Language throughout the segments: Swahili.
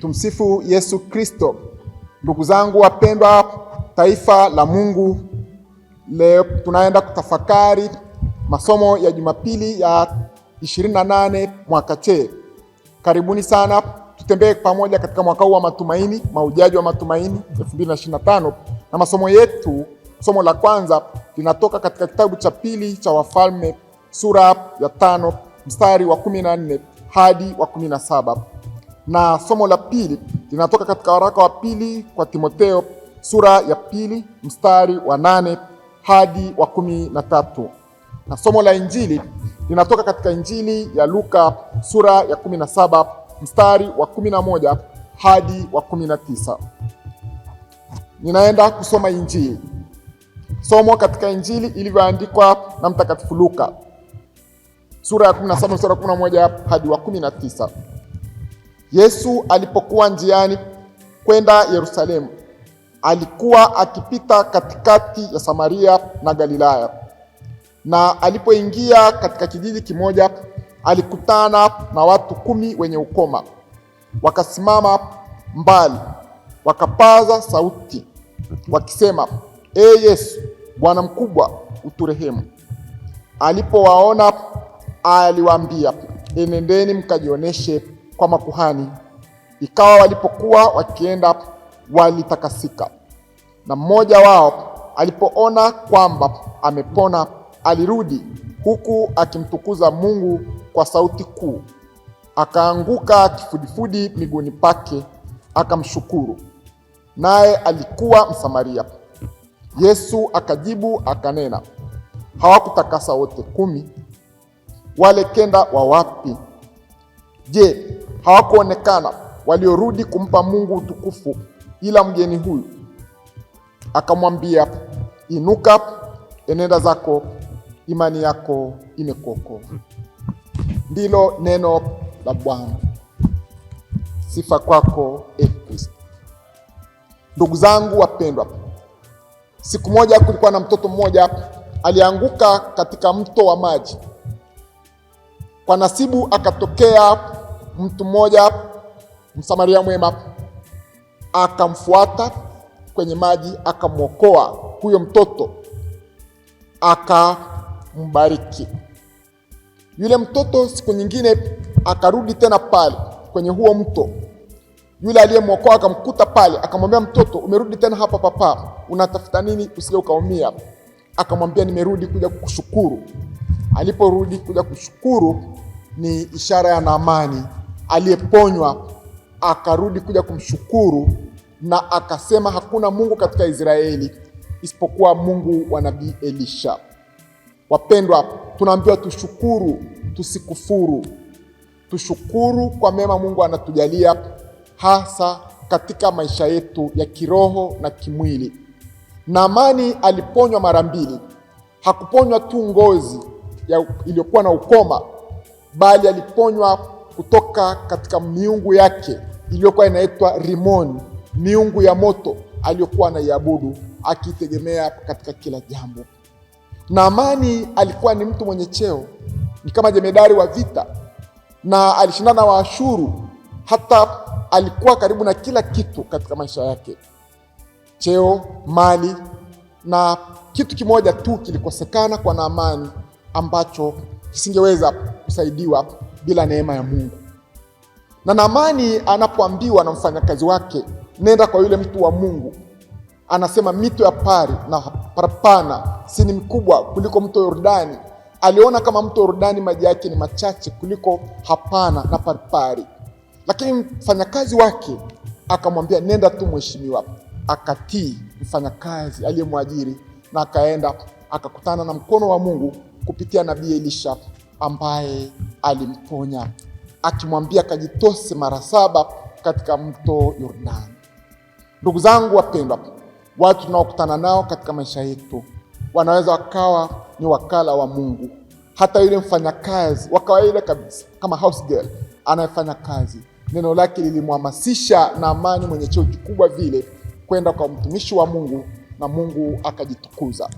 Tumsifu Yesu Kristo. Ndugu zangu wapendwa, taifa la Mungu, leo tunaenda kutafakari masomo ya Jumapili ya 28 mwaka C. Karibuni sana, tutembee pamoja katika mwaka huu wa matumaini, mahujaji wa matumaini 2025 na masomo yetu. Somo la kwanza linatoka katika kitabu cha pili cha Wafalme sura ya tano mstari wa 14 hadi wa 17. Na somo la pili linatoka katika waraka wa pili kwa Timotheo sura ya pili mstari wa nane hadi wa kumi na tatu na somo la injili linatoka katika injili ya Luka sura ya kumi na saba mstari wa kumi na moja hadi wa kumi na tisa. Ninaenda kusoma injili. Somo katika injili ilivyoandikwa na Mtakatifu Luka sura ya 17 mstari wa 11 hadi wa 19. Yesu alipokuwa njiani kwenda Yerusalemu, alikuwa akipita katikati ya Samaria na Galilaya, na alipoingia katika kijiji kimoja, alikutana na watu kumi wenye ukoma. Wakasimama mbali, wakapaza sauti wakisema, e Yesu, Bwana mkubwa, uturehemu. Alipowaona aliwaambia, enendeni mkajionyeshe kwa makuhani. Ikawa walipokuwa wakienda walitakasika, na mmoja wao alipoona kwamba amepona, alirudi huku akimtukuza Mungu kwa sauti kuu, akaanguka kifudifudi miguuni pake akamshukuru, naye alikuwa Msamaria. Yesu akajibu akanena, hawakutakasa wote kumi? Wale kenda wa wapi? Je, hawakuonekana waliorudi kumpa Mungu utukufu ila mgeni huyu. Akamwambia, inuka, enenda zako, imani yako imekuokoa. Ndilo neno la Bwana. Sifa kwako e Kristo. Ndugu zangu wapendwa, siku moja kulikuwa na mtoto mmoja alianguka katika mto wa maji, kwa nasibu akatokea Mtu mmoja Msamaria mwema akamfuata kwenye maji, akamwokoa huyo mtoto, akambariki yule mtoto. Siku nyingine akarudi tena pale kwenye huo mto, yule aliyemwokoa akamkuta pale, akamwambia mtoto, umerudi tena hapa papa, unatafuta nini? usije ukaumia. Akamwambia, nimerudi kuja kukushukuru. Aliporudi kuja kushukuru, ni ishara ya Naamani aliyeponywa akarudi kuja kumshukuru na akasema, hakuna Mungu katika Israeli isipokuwa Mungu wa nabii Elisha. Wapendwa, tunaambiwa tushukuru, tusikufuru. Tushukuru kwa mema Mungu anatujalia hasa katika maisha yetu ya kiroho na kimwili. Naamani aliponywa mara mbili, hakuponywa tu ngozi iliyokuwa na ukoma, bali aliponywa kutoka katika miungu yake iliyokuwa inaitwa Rimon, miungu ya moto aliyokuwa anaiabudu akitegemea katika kila jambo. Naamani alikuwa ni mtu mwenye cheo, ni kama jemedari wa vita na alishindana na Waashuru. Hata alikuwa karibu na kila kitu katika maisha yake, cheo, mali, na kitu kimoja tu kilikosekana kwa Naamani ambacho kisingeweza kusaidiwa bila neema ya Mungu. Na Naamani anapoambiwa na mfanyakazi wake, nenda kwa yule mtu wa Mungu, anasema mito ya Pari na Parpana si ni mkubwa kuliko mto Yordani? Aliona kama mto Yordani maji yake ni machache kuliko Hapana na Parpari, lakini mfanyakazi wake akamwambia, nenda tu mheshimiwa. Akatii mfanyakazi aliyemwajiri na akaenda akakutana na mkono wa Mungu kupitia nabii Elisha ambaye alimponya akimwambia kajitose mara saba katika mto Yordani. Ndugu zangu wapendwa, watu tunaokutana nao katika maisha yetu wanaweza wakawa ni wakala wa Mungu, hata yule mfanyakazi wa kawaida kabisa kama house girl anayefanya kazi. Neno lake lilimhamasisha Naamani mwenye cheo kikubwa vile kwenda kwa mtumishi wa Mungu na Mungu akajitukuza.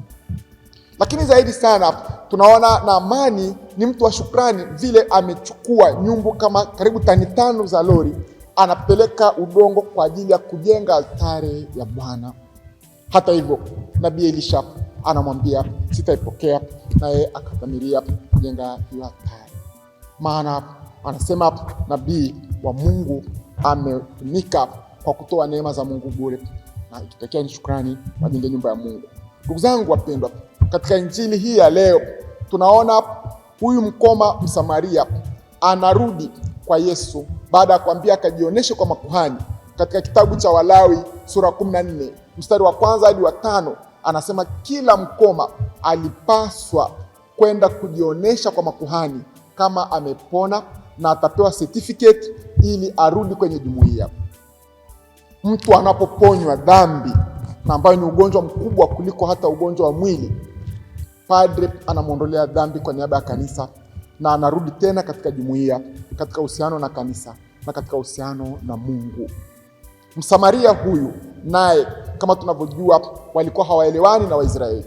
Lakini zaidi sana tunaona Naamani ni mtu wa shukrani, vile amechukua nyumbu kama karibu tani tano za lori, anapeleka udongo kwa ajili ya kujenga altare ya Bwana. Hata hivyo nabii Elisha anamwambia sitaipokea, naye akadhamiria kujenga hiyo altare, maana anasema nabii wa Mungu ametumika kwa kutoa neema za Mungu bure, na ikitokea ni shukrani, wajenge nyumba ya Mungu. Ndugu zangu wapendwa, katika injili hii ya leo tunaona Huyu mkoma Msamaria anarudi kwa Yesu baada ya kuambia akajionyeshe kwa makuhani. Katika kitabu cha Walawi sura 14 mstari wa kwanza hadi wa tano anasema kila mkoma alipaswa kwenda kujionyesha kwa makuhani kama amepona na atapewa certificate ili arudi kwenye jumuiya. Mtu anapoponywa dhambi na ambayo ni ugonjwa mkubwa kuliko hata ugonjwa wa mwili padre anamwondolea dhambi kwa niaba ya kanisa na anarudi tena katika jumuiya, katika uhusiano na kanisa na katika uhusiano na Mungu. Msamaria huyu naye kama tunavyojua walikuwa hawaelewani na Waisraeli.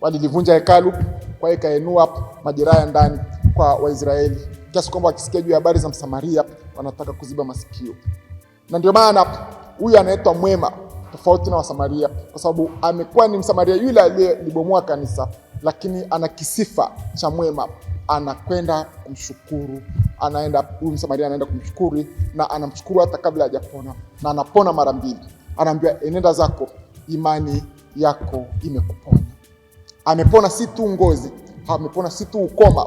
Walilivunja hekalu kwa ikaenua majeraha ya ndani kwa Waisraeli kiasi kwamba wakisikia juu ya habari za Msamaria wanataka kuziba masikio, na ndio maana huyu anaitwa mwema tofauti na Wasamaria, kwa sababu amekuwa ni Msamaria yule aliyelibomoa kanisa lakini ana kisifa cha mwema, anakwenda kumshukuru, anaenda huyu Msamaria anaenda kumshukuru na anamshukuru hata kabla hajapona, na anapona mara mbili. Anaambiwa, enenda eh, zako, imani yako imekuponya. Amepona si tu ngozi, amepona si tu ukoma,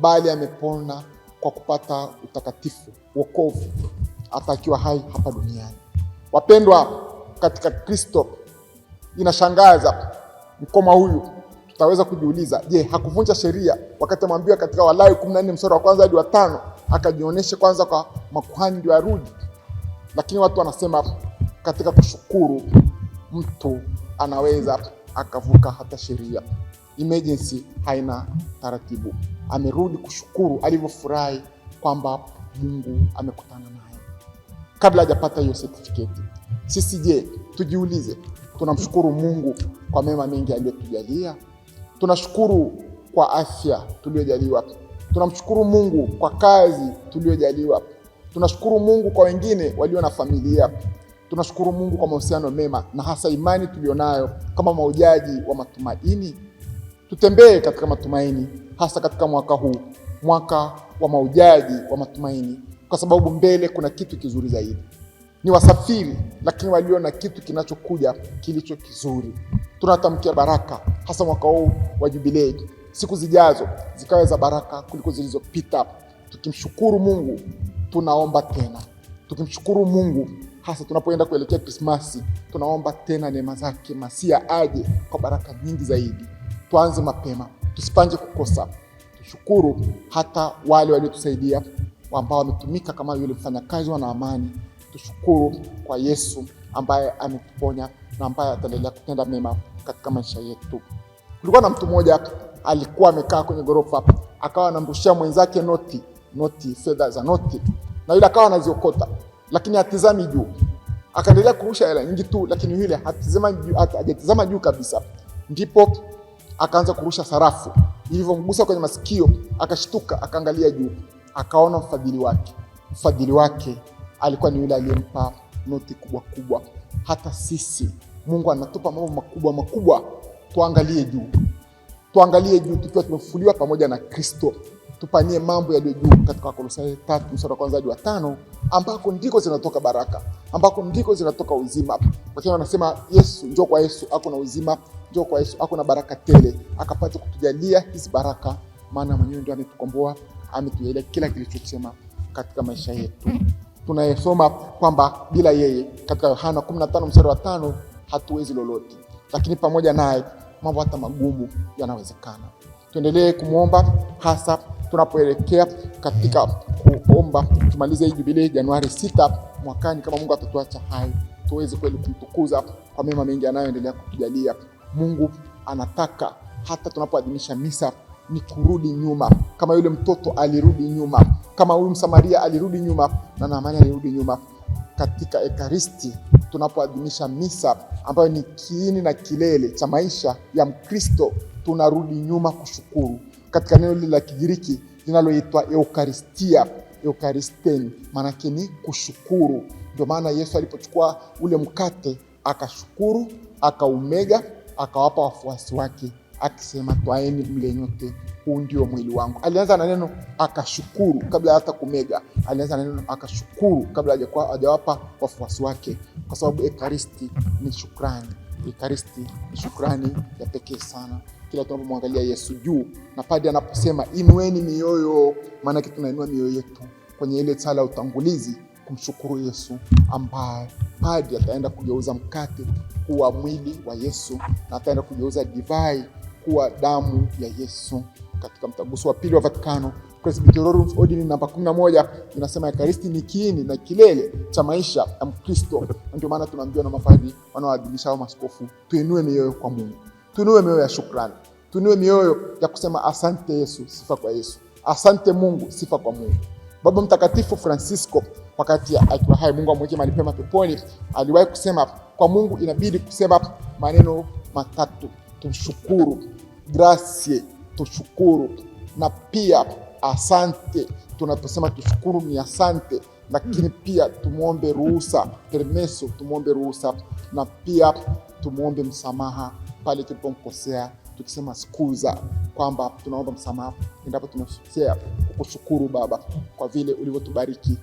bali amepona kwa kupata utakatifu, wokovu, hata akiwa hai hapa duniani. Wapendwa katika Kristo, inashangaza mkoma huyu utaweza kujiuliza, je, hakuvunja sheria wakati amwambiwa katika Walawi 14 mstari wa kwanza hadi wa tano akajionyeshe kwanza kwa makuhani ndio arudi? Lakini watu wanasema katika kushukuru mtu anaweza akavuka hata sheria. Emergency haina taratibu. Amerudi kushukuru alivyofurahi kwamba Mungu amekutana naye kabla hajapata hiyo certificate. Sisi je, tujiulize, tunamshukuru Mungu kwa mema mengi aliyotujalia? Tunashukuru kwa afya tuliyojaliwa, tunamshukuru Mungu kwa kazi tuliyojaliwa, tunashukuru Mungu kwa wengine walio na familia, tunashukuru Mungu kwa mahusiano mema na hasa imani tuliyonayo kama maujaji wa matumaini. Tutembee katika matumaini, hasa katika mwaka huu, mwaka wa maujaji wa matumaini, kwa sababu mbele kuna kitu kizuri zaidi. Ni wasafiri lakini walio na kitu kinachokuja kilicho kizuri. Tunatamkia baraka hasa mwaka huu wa jubilei, siku zijazo zikawe za baraka kuliko zilizopita. Tukimshukuru Mungu tunaomba tena, tukimshukuru Mungu hasa tunapoenda kuelekea Krismasi, tunaomba tena neema zake, Masia aje kwa baraka nyingi zaidi. Tuanze mapema, tusipanje kukosa, tushukuru hata wale waliotusaidia ambao wametumika kama yule mfanyakazi wa amani. Tushukuru kwa Yesu ambaye ametuponya na ambaye ataendelea kutenda mema katika maisha yetu. Kulikuwa na mtu mmoja alikuwa amekaa kwenye ghorofa, akawa anamrushia mwenzake noti noti, fedha za noti, na yule akawa anaziokota, lakini atizami juu. Akaendelea kurusha hela nyingi tu, lakini yule hajatizama juu kabisa. Ndipo akaanza kurusha sarafu, ilivyomgusa kwenye masikio akashtuka, akaangalia juu, akaona mfadhili wake. Mfadhili wake alikuwa ni yule aliyempa noti kubwa kubwa. Hata sisi Mungu anatupa mambo makubwa makubwa, tuangalie juu, tuangalie juu tukiwa tumefufuliwa pamoja na Kristo, tupanie mambo yaliyo juu, katika Kolosai tatu mstari wa kwanza hadi wa tano ambako ndiko zinatoka baraka, ambako ndiko zinatoka uzima. Lakini wanasema Yesu, njoo kwa Yesu ako na uzima, njoo kwa Yesu ako na baraka tele, akapata kutujalia hizi baraka, maana mwenyewe ndio ametukomboa, ametujalia kila kilichosema katika maisha yetu tunayesoma kwamba bila yeye katika Yohana 15 mstari wa tano hatuwezi lolote, lakini pamoja naye mambo hata magumu yanawezekana. Tuendelee kumwomba hasa tunapoelekea katika kuomba tumalize hii jubilei Januari sita mwakani, kama Mungu atatuacha hai, tuweze kweli kumtukuza kwa mema mengi anayoendelea kutujalia. Mungu anataka hata tunapoadhimisha misa ni kurudi nyuma, kama yule mtoto alirudi nyuma, kama huyu Msamaria alirudi nyuma na Naamani alirudi nyuma. Katika Ekaristi tunapoadhimisha misa ambayo ni kiini na kilele cha maisha ya Mkristo, tunarudi nyuma kushukuru, katika neno lile la Kigiriki linaloitwa eukaristia, eukaristen, maanake ni kushukuru. Ndio maana Yesu alipochukua ule mkate akashukuru, akaumega, akawapa wafuasi wake akisema twaeni mle nyote, huu ndio mwili wangu. Alianza na neno akashukuru, kabla hata kumega. Alianza na neno akashukuru, kabla hajawapa wafuasi wake, kwa sababu ekaristi ni shukrani. Ekaristi ni shukrani ya pekee sana, kila tunapomwangalia Yesu juu, na padi anaposema inueni mioyo, maanake tunainua mioyo yetu kwenye ile sala ya utangulizi kumshukuru Yesu ambaye padi ataenda kugeuza mkate kuwa mwili wa Yesu na ataenda kugeuza divai kuwa damu ya Yesu. Katika mtaguso wa pili wa Vatikano, Presbyterorum Ordini namba 11 inasema Ekaristi ni kiini na kilele cha maisha ya Mkristo, ndio maana tunaambiwa na mafadhi wanaoadhimisha hao maskofu, tuinue mioyo kwa Mungu, tuinue mioyo ya shukrani, tuinue mioyo ya kusema asante Yesu, sifa kwa Yesu, asante Mungu, sifa kwa Mungu. Baba Mtakatifu Francisco wakati akiwa hai, Mungu amweke mahali pema peponi, aliwahi kusema kwa Mungu inabidi kusema maneno matatu: tumshukuru grasie, tushukuru, na pia asante. Tunaposema tushukuru ni asante, lakini pia tumwombe ruhusa, permeso, tumwombe ruhusa na pia tumwombe msamaha pale tulipomkosea, tukisema skuza, kwamba tunaomba msamaha endapo tumekosea. Kukushukuru Baba kwa vile ulivyotubariki,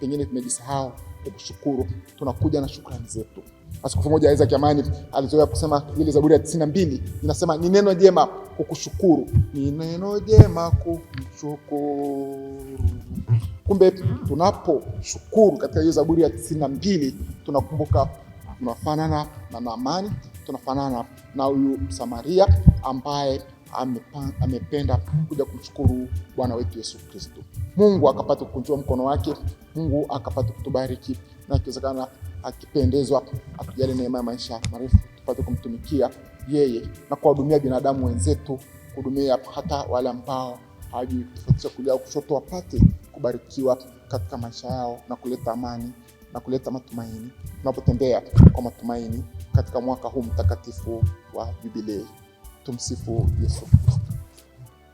pengine tumejisahau kukushukuru. Tunakuja na shukrani zetu. Askofu mmoja Isaac Amani alizoea kusema ile Zaburi ya tisini na mbili inasema ni neno jema kukushukuru, ni neno jema kukushukuru. Kumbe tunaposhukuru katika hiyo Zaburi ya tisini na mbili tunakumbuka tunafanana na Naamani, tunafanana na huyu Msamaria ambaye amependa kuja kumshukuru Bwana wetu Yesu Kristo. Mungu akapata kukunjua mkono wake, Mungu akapata kutubariki na akiwezekana akipendezwa atujalie neema ya maisha marefu tupate kumtumikia yeye na kuwahudumia binadamu wenzetu, kuhudumia hata wale ambao hawajui kutofautisha kulia kushoto, wapate kubarikiwa katika maisha yao na kuleta amani na kuleta matumaini, tunapotembea kwa matumaini katika mwaka huu mtakatifu wa Jubilei. Tumsifu Yesu.